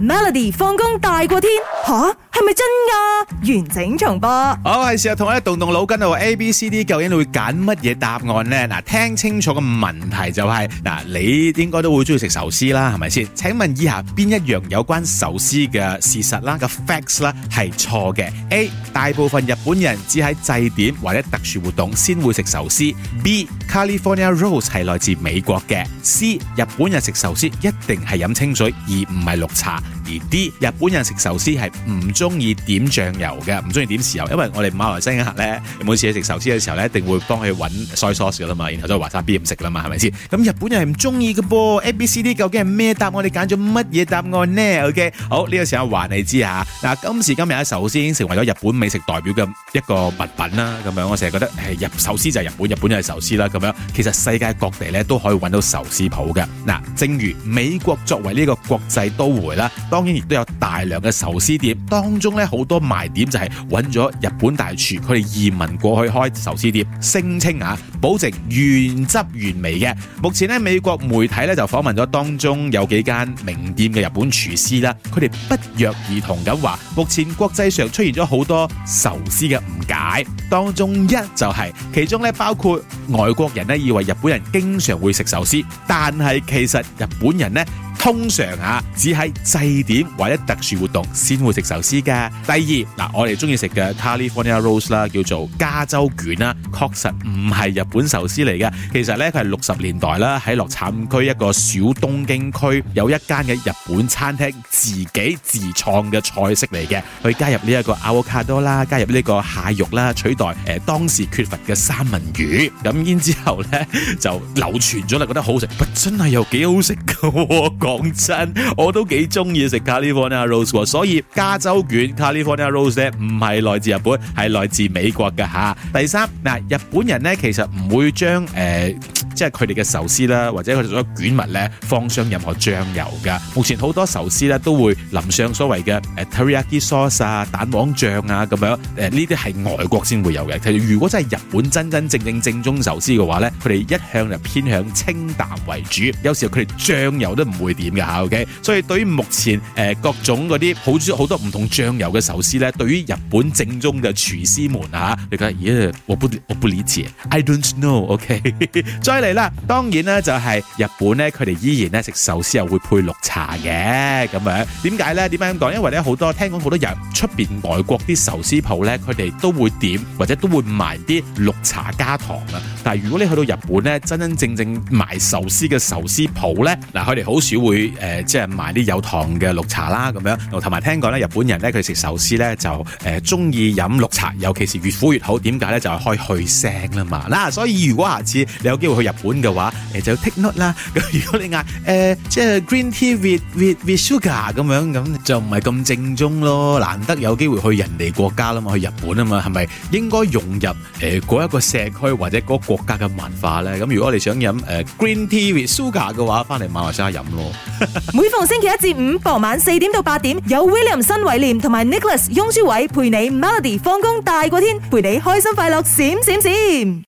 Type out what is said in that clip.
Melody 放工大過天吓，係咪真㗎？完整重播，好係時候同我哋動動腦筋啦。A、B、C、D 究竟會揀乜嘢答案呢？嗱，聽清楚個問題就係、是、嗱，你應該都會中意食壽司啦，係咪先？請問以下邊一樣有關壽司嘅事實啦、嘅 facts 咧係錯嘅？A，大部分日本人只喺祭典或者特殊活動先會食壽司。B，California Rose 係來自美國嘅。C，日本人食壽司一定係飲清水而唔係綠茶。而啲日本人食壽司係唔中意點醬油嘅，唔中意點豉油的，因為我哋馬來西亞客咧每次去食壽司嘅時候咧，一定會幫佢揾 soy sauce 噶啦嘛，然後就話 wasabi 咁食噶啦嘛，係咪先？咁日本人係唔中意嘅噃？A、B、C、D 究竟係咩答案？你揀咗乜嘢答案呢？OK，好呢個時候話你知啊！嗱，今時今日咧，壽司已經成為咗日本美食代表嘅一個物品啦。咁樣我成日覺得誒，壽司就係日本，日本就係壽司啦。咁樣其實世界各地咧都可以揾到壽司鋪嘅。嗱，正如美國作為呢個國際都會啦。當然亦都有大量嘅壽司店，當中咧好多賣點就係揾咗日本大廚，佢哋移民過去開壽司店，聲稱啊，保證原汁原味嘅。目前咧美國媒體咧就訪問咗當中有幾間名店嘅日本廚師啦，佢哋不約而同咁話，目前國際上出現咗好多壽司嘅誤解，當中一就係其中咧包括外國人咧以為日本人經常會食壽司，但係其實日本人咧。通常啊，只喺祭典或者特殊活動先會食壽司噶。第二嗱，我哋中意食嘅 California Rolls 啦，叫做加州卷啦，確實唔係日本壽司嚟嘅。其實呢，佢係六十年代啦，喺洛杉磯一個小東京區有一間嘅日本餐廳自己自創嘅菜式嚟嘅，去加入呢一個 Avocado 啦，加入呢個蟹肉啦，取代誒、呃、當時缺乏嘅三文魚。咁然之後呢就流傳咗啦，覺得好食，真係又幾好食噶～講真，我都幾中意食 California Rose 喎，所以加州卷 California Rose 咧，唔係來自日本，係來自美國嘅嚇。第三嗱，日本人咧其實唔會將誒、呃即係佢哋嘅壽司啦，或者佢哋做咗卷物咧，放上任何醬油噶。目前好多壽司咧都會淋上所謂嘅誒 Teriyaki sauce 啊、蛋黃醬啊咁樣誒，呢啲係外國先會有嘅。其實如果真係日本真真正正正宗壽司嘅話咧，佢哋一向就偏向清淡為主，有時候佢哋醬油都唔會點㗎吓。OK，所以對於目前誒各種嗰啲好好多唔同醬油嘅壽司咧，對於日本正宗嘅廚師們啊，你覺得咦？我不我不理解，I don't know，OK，再嚟。係啦，當然咧就係日本呢，佢哋依然呢食壽司又會配綠茶嘅咁樣。點解呢？點解咁講？因為呢，好多聽講好多日出邊外國啲壽司鋪呢，佢哋都會點或者都會賣啲綠茶加糖啊。但係如果你去到日本呢，真真正正賣壽司嘅壽司鋪呢，嗱，佢哋好少會誒，即係賣啲有糖嘅綠茶啦咁樣。同埋聽講呢，日本人呢，佢食壽司呢就誒鍾意飲綠茶，尤其是越苦越好。點解呢？就係可以去腥啦嘛。嗱，所以如果下次你有機會去日，碗嘅話，誒就剔粒啦。咁如果你嗌誒即係 green tea with with with sugar 咁樣，咁就唔係咁正宗咯。難得有機會去人哋國家啦嘛，去日本啊嘛，係咪應該融入誒嗰一個社區或者嗰個國家嘅文化咧？咁如果你想飲誒 green tea with sugar 嘅話，翻嚟馬來西亞飲咯。每逢星期一至五傍晚四點到八點，有 William 新偉廉同埋 Nicholas 翁舒偉陪你 Melody 放工大過天，陪你開心快樂閃閃閃。